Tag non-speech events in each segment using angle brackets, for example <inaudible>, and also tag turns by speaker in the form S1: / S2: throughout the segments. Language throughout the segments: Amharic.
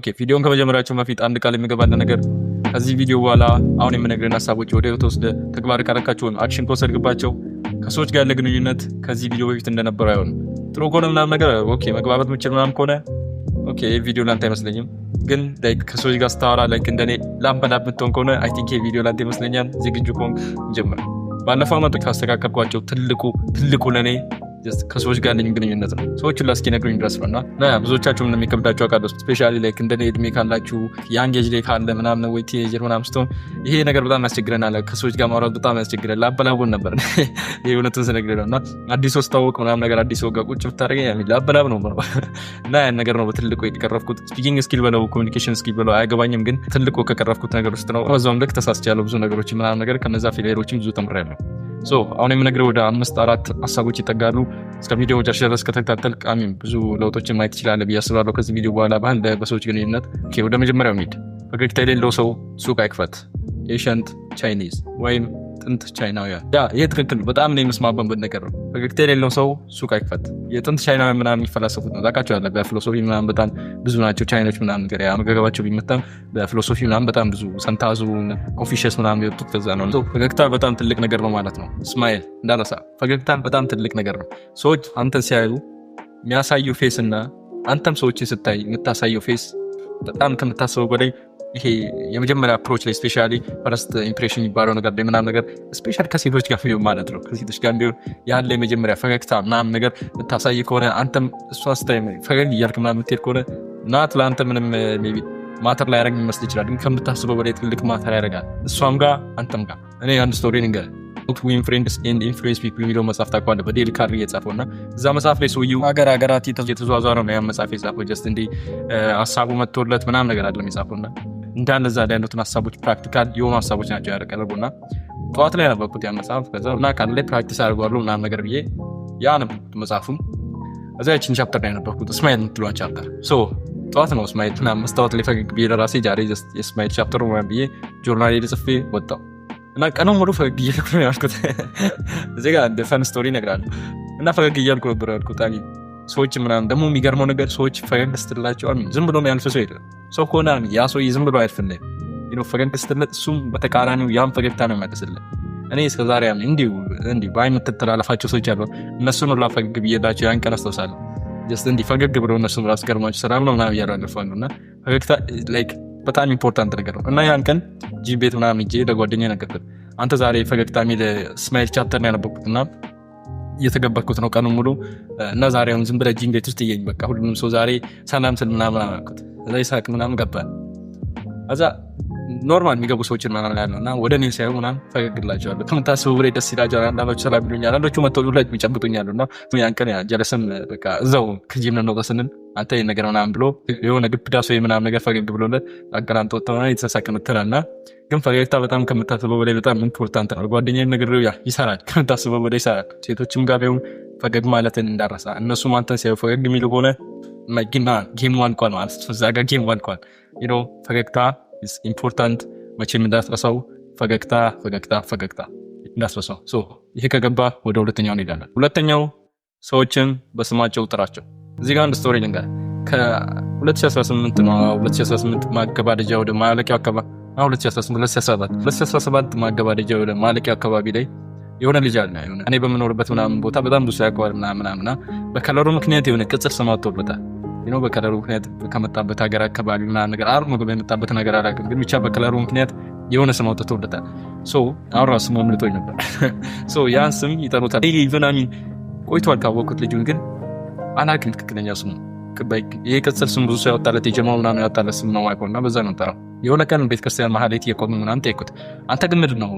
S1: ኦኬ ቪዲዮን ከመጀመሪያቸው በፊት አንድ ቃል የሚገባለ ነገር ከዚህ ቪዲዮ በኋላ አሁን የምነግርን ሀሳቦች ወደ ተወስደ ተግባር ካረካችሁን አክሽን ከወሰድግባቸው ከሰዎች ጋር ያለ ግንኙነት ከዚህ ቪዲዮ በፊት እንደነበረ አይሆን ጥሩ ከሆነ ምናም ነገር ኦኬ መግባባት ምችል ምናም ከሆነ ኦኬ ይህ ቪዲዮ ላንተ አይመስለኝም። ግን ላይክ ከሰዎች ጋር ስታወራ ላይክ እንደኔ ላምበላ ምትሆን ከሆነ አይ ቲንክ ይህ ቪዲዮ ላንተ ይመስለኛል። ዝግጁ ከሆንክ ጀምር። ባለፈው አመት ካስተካከልኳቸው ትልቁ ትልቁ ለእኔ ከሰዎች ጋር ያለኝ ግንኙነት ነው። ሰዎቹን ላስኪነግሩኝ ድረስ ነው እና ብዙዎቻችሁም እንደሚከብዳቸው አውቃለሁ። ስፔሻሊ ላይክ እንደ እድሜ ካላችሁ ያንግ ላይ ካለ ምናምን ወይ ቲኔጀር ምናምን ስትሆን ይሄ ነገር በጣም ያስቸግረናል። ከሰዎች ጋር ማውራት በጣም ያስቸግረን። ላበላቡን ነበር <laughs> ይህ እውነቱን ስነግር ነው እና አዲስ ሰው ስታወቅ ምናምን ነገር አዲስ ሰው ጋር ቁጭ ብታደርገኝ ላበላብ ነው <laughs> እና ያን ነገር ነው በትልቁ የቀረፍኩት። ስፒኪንግ ስኪል በለው ኮሚኒኬሽን ስኪል በለው አያገባኝም፣ ግን ትልቁ ከቀረፍኩት ነገር ውስጥ ነው። በዛውም ልክ ተሳስቻለሁ ብዙ ነገሮች ምናምን ነገር ከነዛ ፌሌሮችም ብዙ ተምሬያለሁ። ሶ አሁን የምነግረው ወደ አምስት አራት ሀሳቦች ይጠጋሉ። እስከ ቪዲዮ መጨረሻ ድረስ ከተከታተል ቃሚ ብዙ ለውጦችን ማየት ትችላለህ ብዬ አስባለሁ። ከዚህ ቪዲዮ በኋላ ባህል በሰዎች ግንኙነት ወደ መጀመሪያው ሚድ ፈገግታ የሌለው ሰው ሱቅ አይክፈት። ኤሽንት ቻይኒዝ ወይም የጥንት ቻይናውያን ይሄ ትክክል በጣም ነው የምስማማበት ነገር ነው። ፈገግታ የሌለው ሰው ሱቅ አይክፈት። የጥንት ቻይናውያን ምናምን የሚፈላሰፉት ነው ታውቃቸዋለህ። በፊሎሶፊ ምናምን በጣም ብዙ ናቸው ቻይኖች ምናምን ነገር አመጋገባቸው ቢመጣም በፊሎሶፊ ምናምን በጣም ብዙ ሰንታዙ ኮንፊሽስ ምናምን የወጡት ከዛ ነው። ፈገግታ በጣም ትልቅ ነገር ነው ማለት ነው። እስማኤል እንዳነሳ ፈገግታ በጣም ትልቅ ነገር ነው። ሰዎች አንተን ሲያዩ የሚያሳዩ ፌስ እና አንተም ሰዎችን ስታይ የምታሳየው ፌስ በጣም ከምታስበው በላይ ይሄ የመጀመሪያ አፕሮች ላይ ስፔሻሊ ፈረስት ኢምፕሬሽን የሚባለው ነገር ላይ ምናም ነገር ስፔሻሊ ከሴቶች ጋር ማለት ነው ከሴቶች ጋር እንዲሆን ያለ የመጀመሪያ ፈገግታ ምናም ነገር ምታሳይ ከሆነ አንተም እሷ ስታይ ፈገግ እያልክ ምናም የምትሄድ ከሆነ ናት ለአንተ ምንም ቢ ማተር ላይ ያደረግ ይመስል ይችላል፣ ግን ከምታስበው በላይ ትልቅ ማተር ያደርጋል። እሷም ጋር አንተም ጋር እኔ አንድ ስቶሪ ንገር ዊን ፍሬንድስ ኤንድ ኢንፍሉዌንስ ፒፕል የሚለው መጽሐፍ ታውቀዋለህ? በዴል ካርኔጊ የጻፈው እና እዛ መጽሐፍ ላይ ሰውዬው ሀገር ሀገራት የተዟዟረ ነው ያ መጽሐፍ የጻፈው ጀስት እንዲህ ሀሳቡ መጥቶለት ምናምን ነገር አይደለም የጻፈው እና እንዳለ ዛ አይነቱን ሀሳቦች ፕራክቲካል የሆኑ ሀሳቦች ናቸው ያቀረቡ እና ጠዋት ላይ ያነበብኩት ያ መጽሐፍ ከዛ እና ቀን ላይ ፕራክቲስ አድርጓሉ ምናምን ነገር ብዬ ያነበብኩት መጽሐፉም እዛ ያችን ቻፕተር ላይ ያነበብኩት እስማኤል የምትለዋን ቻፕተር ጠዋት ነው እስማኤል ና መስታወት ላይ ፈገግ ብዬ ለራሴ ዛሬ የእስማኤል ቻፕተሩ ብዬ ጆርናል ጽፌ ወጣው እና ቀኑን ሙሉ ፈገግ እያልኩ ነው ያልኩት። <laughs> እዚህ ጋር ፈን ስቶሪ እነግርሃለሁ እና ፈገግ እያልኩ ነበር ያልኩት። ሰዎች ምናምን ደግሞ የሚገርመው ነገር ሰዎች ፈገግ ስትላቸው ዝም ብሎ ያልፍ ሰው የለም። ሰው ከሆነ ያ ሰው ዝም ብሎ አያልፍልህም። ፈገግ ስትለት እሱም በተቃራኒው ያን ፈገግታ ነው የሚመልስልህ። እኔ እስከዛሬ እንዲሁ እንዲሁ በአይን የምትተላለፋቸው ሰዎች አሉ። እነሱን ሁላ ፈገግ ብዬላቸው ያን ቀን አስታውሳለሁ። ጀስት እንዲህ ፈገግ ብሎ እነሱን ራስ ገርማቸው ሰላም ነው ምናምን እያሉ ያለፋሉ። እና ፈገግታ ላይክ በጣም ኢምፖርታንት ነገር ነው። እና ያን ቀን ጂም ቤት ምናምን ሄጄ ለጓደኛ ነገርኩት። አንተ ዛሬ ፈገግታ የሚል ስማይል ቻፕተር ነው ያነበብኩት እና እየተገበርኩት ነው ቀኑ ሙሉ እና ዛሬ አሁን ዝም ብለህ እንዴት ውስጥ እየኝ በቃ ሁሉንም ሰው ዛሬ ሰላም ስል ምናምን አላልኩት እዛ ይሳቅ ምናምን ገባል እዛ ኖርማል የሚገቡ ሰዎችን ምናምን ያለው እና ወደ እኔ ሳይሆን ምናምን ፈገግላቸዋለሁ። ከምታስቡ ብላይ ደስ ይላቸዋል። አንዳንዶቹ ሰላም ይሉኛል፣ አንዶቹ መተው ላይ ይጨብጡኛሉ። እና ያን ቀን ጀለስም በቃ እዛው ከጂም እንውጣ ስንል አንተ ይህ ነገር ምናምን ብሎ የሆነ ግብዳ ሰው ምናምን ነገር ፈገግ ብሎለት አገላንጦ ወጥተ የተሳሳቅ ምትላ እና ግን ፈገግታ በጣም ከምታስበው በላይ በጣም ኢምፖርታንት ነው። ጓደኛ ነገር ይሰራል፣ ከምታስበው በላይ ይሰራል። ሴቶችም ጋር ቢሆን ፈገግ ማለትን እንዳረሳ፣ እነሱም አንተን ሲያዩ ፈገግ የሚሉ ከሆነ ጌም ዋንኳን ማለት ነው። እዛ ጋር ጌም ዋንኳን ፈገግታ ኢምፖርታንት መቼም እንዳትረሳው። ፈገግታ ፈገግታ ፈገግታ እንዳትረሳው። ይሄ ከገባ ወደ ሁለተኛው እንሄዳለን። ሁለተኛው ሰዎችን በስማቸው ጥራቸው። እዚህ ጋር አንድ ስቶሪ ልንገር። ከ2018 ማገባደጃ ወደ ማለቂያው አካባቢ 2017 ማገባደጃ ወደ ማለቂያው አካባቢ ላይ የሆነ ልጅ አለ። እኔ በምኖርበት ምናምን ቦታ በጣም ብዙ ያቀዋል ምናምን በከለሩ ምክንያት የሆነ ቅጽል ስም ነው። በከለሩ ምክንያት ከመጣበት ሀገር አካባቢ ምናምን ነገር አር ምግብ የመጣበት ነገር አላውቅም፣ ግን ብቻ በከለሩ ምክንያት የሆነ ስም አውጥተውለታል። አሁን ራሱ ስሙ አምልጦኝ ነበር። <laughs> ያን ስም ይጠሩታል። ሚን ቆይቷል ካወቅኩት ልጁን ግን አላውቅም ትክክለኛ ስሙ። ይሄ ቅጽል ስም ብዙ ሰው ያወጣለት የጀማ ምናምን ያወጣለት ስም ነው ማይኮ እና በዛ ነው ጠራው። የሆነ ቀን ቤተክርስቲያን መሀል የት እየቆመ ምናምን ጠየኩት፣ አንተ ግምድ ነው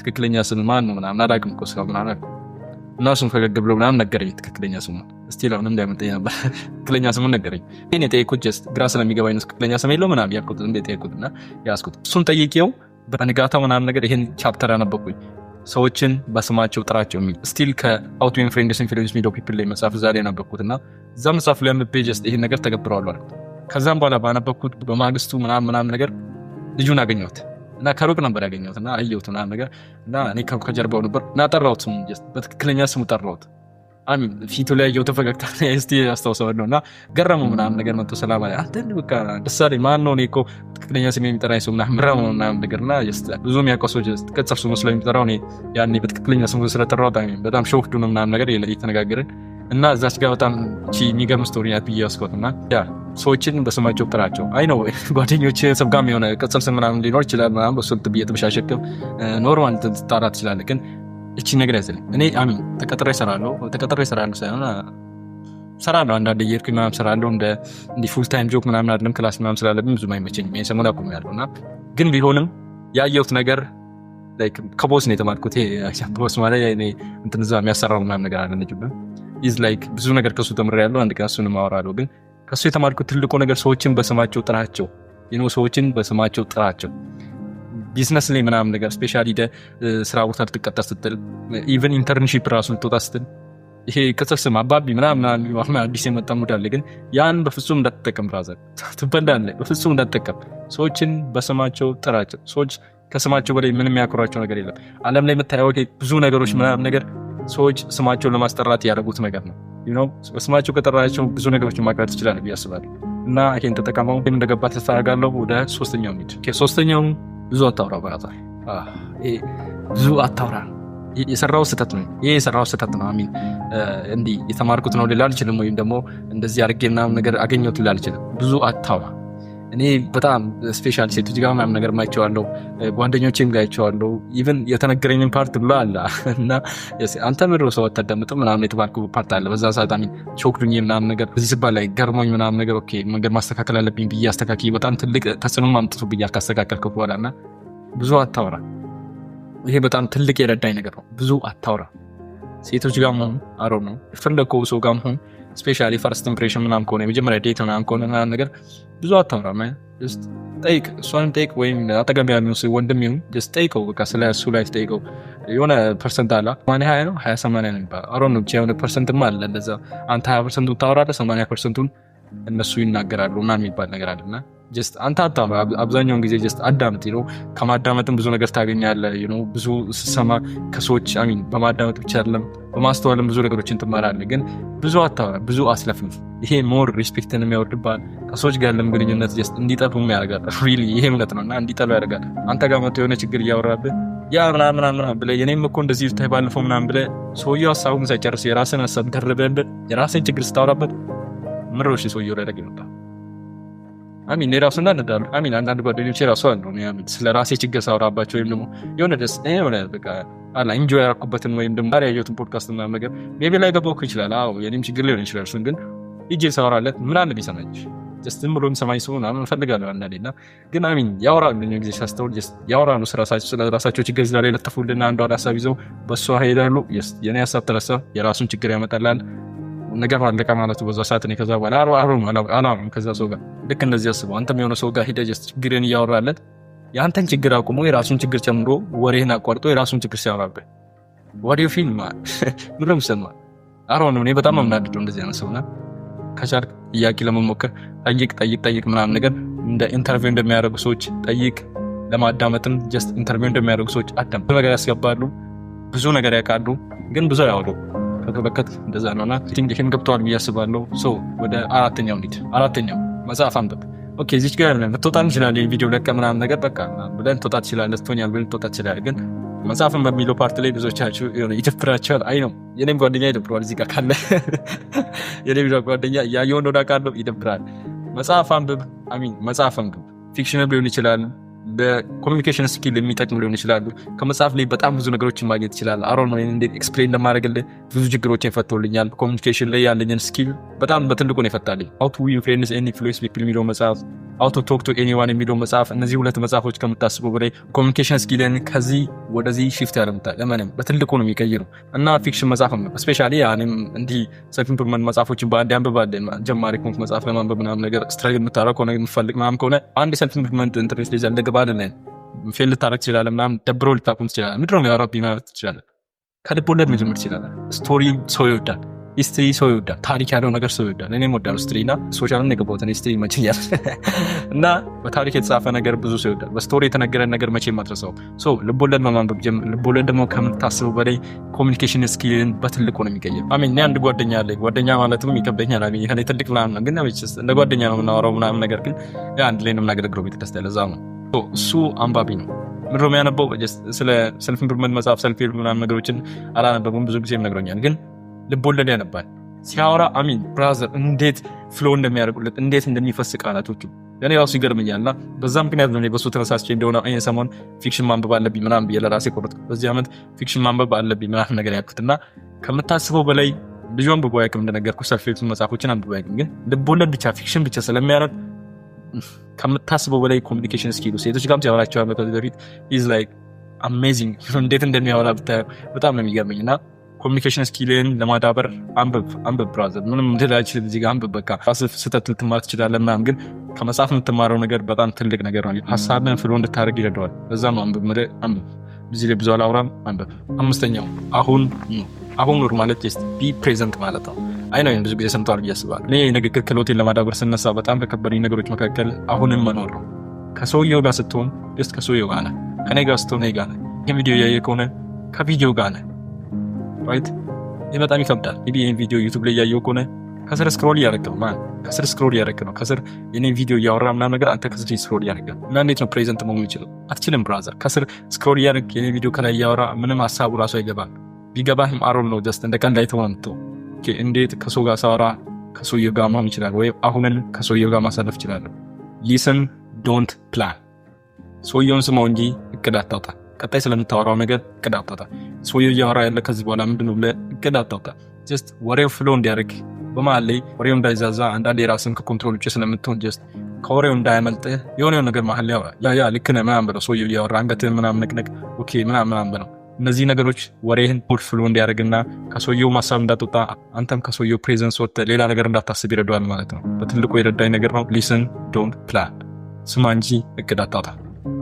S1: ትክክለኛ ስም ማን ነው ምናምን አላውቅም እኮ ስለው ምናምን እና እሱም ፈገግ ብሎ ምናምን ነገረኝ ትክክለኛ ስሙ ስቲል አሁንም እንዳይመልጠኝ ነበር ትክክለኛ ስሙን ነገረኝ። ይህን የጠየኩት ጀስት ግራ ስለሚገባኝ ነው። ትክክለኛ ስም የለው ምናምን ያልኩት እንደ ጠየኩት እና ያስኩት እሱን ጠይቄው በንጋታው ምናምን ነገር ይህን ቻፕተር ያነበኩኝ ሰዎችን በስማቸው ጥራቸው የሚል ስቲል ከአውት ዩን ፍሬንድስ ኢንፊሉዌንስ ሚሊዮን ፒፕል ላይ መጽሐፍ እዛ ላይ ያነበኩት እና እዛ መጽሐፍ ላይ አንብቤ ጀስት ይህን ነገር ተገብረዋሉ አልኩት። ከዛም በኋላ ባነበኩት በማግስቱ ምናምን ምናምን ነገር ልጁን አገኘት እና ከሩቅ ነበር ያገኘት እና አየሁት ምናምን ነገር እና እኔ ከጀርባው ነበር እና ጠራሁት፣ ስሙ በትክክለኛ ስሙ ጠራሁት። ፊቱ ላይ የውተ ፈገግታ ላይ ስ ያስታውሰዋለሁ እና ገረሙ ምናምን ነገር መጥቶ ሰላም አለ አንዳንድ በቃ ደስ ማን ነው እኔ እኮ ትክክለኛ ስሜ የሚጠራኝ ሰው ምናምን ምረሙ ምናምን ነገር እና ብዙ የሚያውቀው ሰው ቅጽል ስሙ ስለሚጠራው እኔ ያኔ በትክክለኛ ስሙ ስለጠራው በጣም ሾክዱ ነው ምናምን ነገር እየተነጋገርን እና እዛች ጋር በጣም ቺ የሚገርም ስቶሪ ያት ብዬ ያስኮት እና ያ ሰዎችን በስማቸው ጥራቸው። አይ ነው ጓደኞች ሰብጋም የሆነ ቅጽል ስም ምናምን ሊኖር ይችላል ምናምን በሱ ብዬ ተበሻሸክም ኖርማል ትጣራ ትችላለህ ግን እቺ ነገር ያዘለኝ እኔ አሚን ተቀጥሬ እሰራለሁ ተቀጥሬ እሰራለሁ ሳይሆን እሰራለሁ አንዳንድ እየሄድኩኝ ምናምን እሰራለሁ እንደ እንዲህ ፉል ታይም ጆክ ምናምን አይደለም ክላስ ምናምን ስላለብኝ ብዙም አይመቸኝም ሰሞን ሰሞኑን ያለው እና ግን ቢሆንም ያየሁት ነገር ከቦስ ነው የተማርኩት <laughs> ቦስ ማለት እንትን እዛ የሚያሰራው ምናምን ነገር አለ ነጅብን ኢዝ ላይክ ብዙ ነገር ከሱ ተምሬያለሁ አንድ ቀን እሱንም አወራለሁ ግን ከሱ የተማርኩት ትልቁ ነገር ሰዎችን በስማቸው ጥራቸው ሰዎችን በስማቸው ጥራቸው ቢዝነስ ላይ ምናምን ነገር ስፔሻሊ ስራ ቦታ ልትቀጠር ስትል ኢቨን ኢንተርንሺፕ ራሱ ልትወጣ ስትል ይሄ ቅጽል ስም አባቢ ምናምን አዲስ የመጣ ሙድ አለ። ግን ያን በፍጹም እንዳትጠቀም፣ ብራዘር ትበላለ። በፍጹም እንዳትጠቀም። ሰዎችን በስማቸው ጥራቸው። ሰዎች ከስማቸው በላይ ምንም የሚያኮራቸው ነገር የለም። አለም ላይ የምታየው ብዙ ነገሮች ምናምን ነገር ሰዎች ስማቸውን ለማስጠራት ያደረጉት ነገር ነው። በስማቸው ከጠራቸው ብዙ ነገሮች ማቅረት ትችላለህ ብዬ አስባለሁ። እና ይሄን ተጠቀመው። እንደገባ ተስተናጋለሁ። ወደ ሶስተኛው ሚድ ሶስተኛውን ብዙ አታውራ ብራዘር፣ ብዙ አታውራ። የሰራው ስህተት ነው። ይህ የሰራው ስህተት ነው። አሚን እንዲህ የተማርኩት ነው ልል አልችልም። ወይም ደግሞ እንደዚህ አድርጌ ምናምን ነገር አገኘት ልል አልችልም። ብዙ አታውራ እኔ በጣም ስፔሻል ሴቶች ጋር ምናምን ነገር ማይቸዋለው፣ ጓደኞቼም ጋር አይቸዋለው። ኢቨን የተነገረኝን ፓርት ብሎ አለ እና አንተ ምድሮ ሰው አታዳምጥ ምናምን የተባልኩ ፓርት አለ። በዛ ሰዓት ሾክዱኝ ምናምን ነገር በዚህ ስባል ላይ ገርሞኝ ምናምን ነገር ኦኬ መንገድ ማስተካከል አለብኝ ብዬ አስተካክዬ በጣም ትልቅ ተጽዕኖ አምጥቶ ብዬ ካስተካከልክ በኋላ እና ብዙ አታወራ። ይሄ በጣም ትልቅ የረዳኝ ነገር ነው። ብዙ አታወራ ሴቶች ጋር መሆን አሮ ነው የፈለግከው ሰው ጋር መሆን ስፔሻሊ ፈርስት ኢምፕሬሽን ምናምን ከሆነ የመጀመሪያ ዴት ምናምን ከሆነ ምናምን ነገር ብዙ አታወራም። ጠይቅ፣ እሷን ጠይቅ፣ ወይም አጠገብ ያለ ወንድም ይሁን ጠይቀው። በቃ ስለ እሱ ላይ ጠይቀው። የሆነ ፐርሰንት አለ ሰማንያ ሀያ ነው ሀያ ሰማንያ ነው የሚባለው አሮ ነው ብቻ የሆነ ፐርሰንትም አለ እንደዛ። አንተ ሀያ ፐርሰንቱ ታወራለህ፣ ሰማንያ ፐርሰንቱን እነሱ ይናገራሉ ምናምን የሚባል ነገር አለና ጀስት አንተ አታ አብዛኛውን ጊዜ ጀስት አዳምጥ ነው። ከማዳመጥም ብዙ ነገር ታገኛለህ። ብዙ ስሰማ ከሰዎች ሚን በማዳመጥ ብቻ አይደለም በማስተዋልም ብዙ ነገሮችን ትማራለህ። ግን ብዙ አታወራ፣ ብዙ አስለፍልፍ። ይሄ ሞር ሪስፔክትን የሚያወርድብሃል። ከሰዎች ጋር ያለም ግንኙነት ጀስት እንዲጠሉ ያደርጋል። ሪሊ ይሄ እምነት ነው እና እንዲጠሉ ያደርጋል። አንተ ጋር መጥቶ የሆነ ችግር እያወራብህ ያ ምናምን ምናምን ብለህ የኔም እኮ እንደዚህ ብታይ ባለፈው ምናምን ብለህ ሰውየው ሀሳቡን ሳይጨርስ የራስን ሀሳብ ደርበህበት የራስን ችግር ስታወራበት ምሮሽ ሰውየው ላይ ያደርግ ይመጣል አሚን የራሱ እንዳንዳሉ አሚን አንዳንድ ጓደኞች የራሱ አለ ስለ ራሴ ችግር ሳውራባቸው ወይም ደግሞ የሆነ ደስ ሆነ በቃ አላ ኢንጆይ ያደረኩበትን ወይም ደግሞ ዛሬ ያየሁትን ፖድካስት ምናምን ነገር ቤቢ ላይ ገባሁ ይችላል። አዎ የኔም ችግር ሊሆን ይችላል። እሱን ግን ሂጄ ሰራለት ምን አለ ቢሰማኝ ዝም ብሎ የሚሰማኝ ሰው ምናምን እፈልጋለሁ አንዳንዴ እና ግን አሚን ያወራሉ ኛ ጊዜ ሳስተውል ያወራሉ ስለራሳቸው ችግር እዛ ላይ ለጥፉልና አንዷን ሀሳብ ይዘው በእሷ ሄዳሉ። የኔ ሀሳብ ተረሳ፣ የራሱን ችግር ያመጣላል። ነገር አለቀ ማለቱ በዛ ሰዓት ነው። ከዛ በኋላ አሩ አላወራም ከዛ ሰው ጋር ልክ እንደዚህ አስበው አንተም የሆነ ሰው ጋር ሂደህ ችግርን እያወራለን የአንተን ችግር አቁሞ የራሱን ችግር ጨምሮ ወሬህን አቋርጦ የራሱን ችግር ሲያወራብህ ወዲው ፊልም ምረም ሰማ አሮን እኔ በጣም አምናድደው እንደዚህ አይነት ሰውና ከቻልክ ጥያቄ ለመሞከር ጠይቅ ጠይቅ ጠይቅ ምናምን ነገር እንደ ኢንተርቪው እንደሚያደርጉ ሰዎች ጠይቅ። ለማዳመጥም ጀስት ኢንተርቪው እንደሚያደርጉ ሰዎች አዳም ብዙ ነገር ያስገባሉ፣ ብዙ ነገር ያውቃሉ፣ ግን ብዙ ያወሩ ከተበከት እንደዛ ነውና ይህን ገብተዋል ብዬ አስባለሁ። ሰው ወደ አራተኛው ኒድ አራተኛው መጽሐፍ አንብብ። ኦኬ እዚች ጋር ልትወጣ እንችላለን፣ የቪዲዮ ለቀ ምናምን ነገር በቃ ብለን ልትወጣ ትችላለህ፣ ስትሆኛል ብለን ልትወጣ ትችላለህ። ግን መጽሐፍን በሚለው ፓርት ላይ ብዙዎቻችሁ ይደብራቸዋል። አይ ነው የኔም ጓደኛ ይደብረዋል። እዚህ ጋር ካለ <laughs> የኔም ጓደኛ እያየሆን ወዳቃለው ይደብራል። መጽሐፍ አንብብ፣ አሚን መጽሐፍ አንብብ፣ ፊክሽን ሊሆን ይችላል በኮሚኒኬሽን ስኪል የሚጠቅም ሊሆን ይችላሉ። ከመጽሐፍ ላይ በጣም ብዙ ነገሮችን ማግኘት ይችላል። አሮን ነው እንዴት ኤክስፕሌን ለማድረግልህ ብዙ ችግሮችን ፈቶልኛል ኮሚኒኬሽን ላይ ያለኝን ስኪል በጣም በትልቁ ነው የፈታልኝ። ሀው ቱ ኤንድ ኢንፍሉዌንስ ፒፕል የሚለው መጽሐፍ አውቶ ቶክ ቱ ኤኒዋን የሚለው መጽሐፍ እነዚህ ሁለት መጽሐፎች ከምታስቡ በላይ ኮሚኒኬሽን ስኪልን ከዚህ ወደዚህ ሽፍት ያደምታል። ለምንም በትልቁ ነው የሚቀይሩ እና ፊክሽን መጽሐፍ ነው ስፔሻሊ እኔም እንዲህ ሰልፍ ኢምፕሩቭመንት መጽሐፎችን በአንድ አንብባ ጀማሪ ኮንክ መጽሐፍ ለማንበብ ምናምን ነገር ስትራግል የምታረግ ከሆነ የምፈልግ ምናምን ከሆነ አንድ የሰልፍ ኢምፕሩቭመንት ኢንተርኔት ላይ ያለ ግባ ፌል ልታረግ ትችላለ፣ ምናምን ደብሮ ልታቁም ትችላለ። ምድሮ ያረቢ ማለት ትችላለህ ከልቦለድ መጀመር ትችላለ። ስቶሪ ሰው ይወዳል። ስትሪ ሰው ይወዳል። ታሪክ ያለው ነገር ሰው ይወዳል። እኔም ወዳል ስትሪ እና ሶሻል ሶሻልን የገባሁትን ሂስትሪ መችኛል <laughs> እና በታሪክ የተጻፈ ነገር ብዙ ሰው ይወዳል። በስቶሪ የተነገረ ነገር መቼ ማትረሳው። ልቦለድ መማንበብ ጀምር። ልቦለድ ደግሞ ከምታስበው በላይ ኮሚኒኬሽን ስኪልን በትልቁ ነው የሚቀይር። አሜን። እኔ አንድ ጓደኛ አለ። ጓደኛ ማለትም ይከብደኛል። አሜን። ከ ትልቅ ምናምን ነው ግን እንደ ጓደኛ ነው የምናወራው ምናምን ነገር ግን አንድ ላይ ነው የምናገለግለው ቤተክርስቲያን። ለዛ ነው እሱ አንባቢ ነው ምድሮ የሚያነበው ስለ ሰልፍ ኢምፕሩቭመንት መጽሐፍ ሰልፍ ምናምን ነገሮችን አላነበቡም ብዙ ጊዜ ይነግረኛል ግን ልቦለድ ያነባል። ሲያወራ አሚን ብራዘር እንዴት ፍሎ እንደሚያደርጉለት እንዴት እንደሚፈስ ቃላቶቹ ለእኔ ራሱ ይገርመኛልና በዛ ምክንያት ነው በሱ ተነሳስቼ እንደሆነ ይህን ሰሞን ፊክሽን ማንበብ አለብኝ ምናምን ብዬ ለራሴ ቆረጥኩት። በዚህ ዓመት ፊክሽን ማንበብ አለብኝ ምናምን ነገር ያልኩትና ከምታስበው በላይ ብዙ አንብቦ ያቅም እንደነገርኩ ሰፊ መጽሐፎችን አንብቦ ያቅም፣ ግን ልቦለድ ብቻ ፊክሽን ብቻ ስለሚያረግ ከምታስበው በላይ ኮሚኒኬሽን ስኪሉ ሴቶች ጋርም ሲያወራቸው በፊት ኢዝ ላይክ አሜዚንግ እንዴት እንደሚያወራ ብታየው በጣም ነው የሚገርመኝ እና ኮሚኒኬሽን ስኪልን ለማዳበር አንብብ አንብብ ብራዘር። ምንም ልላችል እዚህ ጋር አንብብ በቃ ራስህ ስህተት ልትማር ትችላለ ምናምን፣ ግን ከመጽሐፍ የምትማረው ነገር በጣም ትልቅ ነገር ነው። ሀሳብን ፍሎ እንድታደርግ ይረዳዋል። በዛ ነው አንብብ የምልህ አንብብ። እዚህ ላይ ብዙ አላውራም። አንብብ። አምስተኛው አሁን ነው። አሁን ኑር ማለት ስ ቢ ፕሬዘንት ማለት ነው። አይነ ብዙ ጊዜ ሰምተዋል ብዬ አስባለሁ። እኔ የንግግር ክሎቴን ለማዳበር ስነሳ በጣም ከከበደኝ ነገሮች መካከል አሁንም መኖር ነው። ከሰውየው ጋር ስትሆን ስ ከሰውየው ጋር ነህ። ከኔ ጋር ስትሆን ጋ ነህ። ይህ ቪዲዮ እያየ ከሆነ ከቪዲዮ ጋር ነህ ራይት ይህ በጣም ይከብዳል። እንግዲህ ይህን ቪዲዮ ዩቱብ ላይ እያየው ከሆነ ከስር ስክሮል እያደረግ ነው ማለት ከስር ስክሮል እያደረግ ነው። ከስር የኔን ቪዲዮ እያወራ ምናምን ነገር አንተ ከስር ስክሮል እያደረግ እና እንዴት ነው ፕሬዘንት መሆን ይችላል? አትችልም ብራዘር። ከስር ስክሮል እያደረግ የኔ ቪዲዮ ከላይ እያወራ ምንም ሀሳቡ ራሱ አይገባም። ቢገባህም አሮል ነው ጀስት እንደ ቀን ላይ ተሆንቶ እንዴት ከሰው ጋር ሳወራ ከሰውየው ጋር መሆን ይችላል ወይ አሁንን ከሰውየው ጋር ማሳለፍ ይችላል። ሊስን ዶንት ፕላን። ሰውየውን ስማው እንጂ እቅድ አታውጣ። ቀጣይ ስለምታወራው ነገር እቅድ አታውጣ። ሰውየው እያወራ ያለ ከዚህ በኋላ ምንድነው ብለህ እቅድ አታውጣ። ጀስት ወሬው ፍሎ እንዲያደርግ በመሀል ላይ ወሬው እንዳይዛዛ፣ አንዳንድ የራስን ከኮንትሮል ውጭ ስለምትሆን ጀስት ከወሬው እንዳያመልጥ የሆነው ነገር መሀል ያ ልክ ነህ ምናምን ብለው ሰውየው እያወራ አንገትህን ምናምን ነቅነቅ ኦኬ ምናምን ምናምን ብለው እነዚህ ነገሮች ወሬህን ፖድ ፍሎ እንዲያደርግና ከሰውየው ማሳብ እንዳትወጣ አንተም ከሰውየው ፕሬዘንስ ወጥተ ሌላ ነገር እንዳታስብ ይረዳዋል ማለት ነው። በትልቁ የረዳኝ ነገር ነው። ሊስን ዶንት ፕላን ስማ እንጂ እቅድ አታውጣ።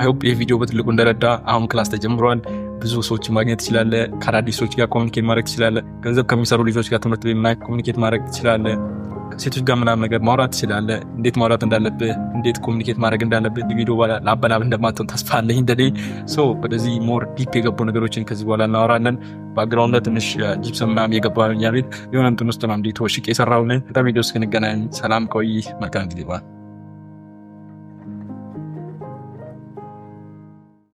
S1: አይሆፕ ይህ ቪዲዮ በትልቁ እንደረዳ። አሁን ክላስ ተጀምሯል። ብዙ ሰዎች ማግኘት ትችላለ። ከአዳዲስ ሰዎች ጋር ኮሚኒኬት ማድረግ ትችላለ። ገንዘብ ከሚሰሩ ልጆች ጋር ትምህርት ቤት ምናምን ኮሚኒኬት ማድረግ ትችላለ። ከሴቶች ጋር ምናምን ነገር ማውራት ትችላለ። እንዴት ማውራት እንዳለብህ፣ እንዴት ኮሚኒኬት ማድረግ እንዳለብህ ቪዲዮ በኋላ ለአበላብ እንደማትሆን ተስፋ አለኝ። እንደኔ ሰው ወደዚህ ሞር ዲፕ የገቡ ነገሮችን ከዚህ በኋላ እናወራለን። ባግራውንድ ትንሽ ጂፕሰን uh, ምናምን የገባ ያቤት የሆነ እንትን ውስጥ ነው እንዴት ወሽቅ የሰራውን በጣም ቪዲዮ እስክንገናኝ ሰላም ቆይ። መልካም ጊዜ ባል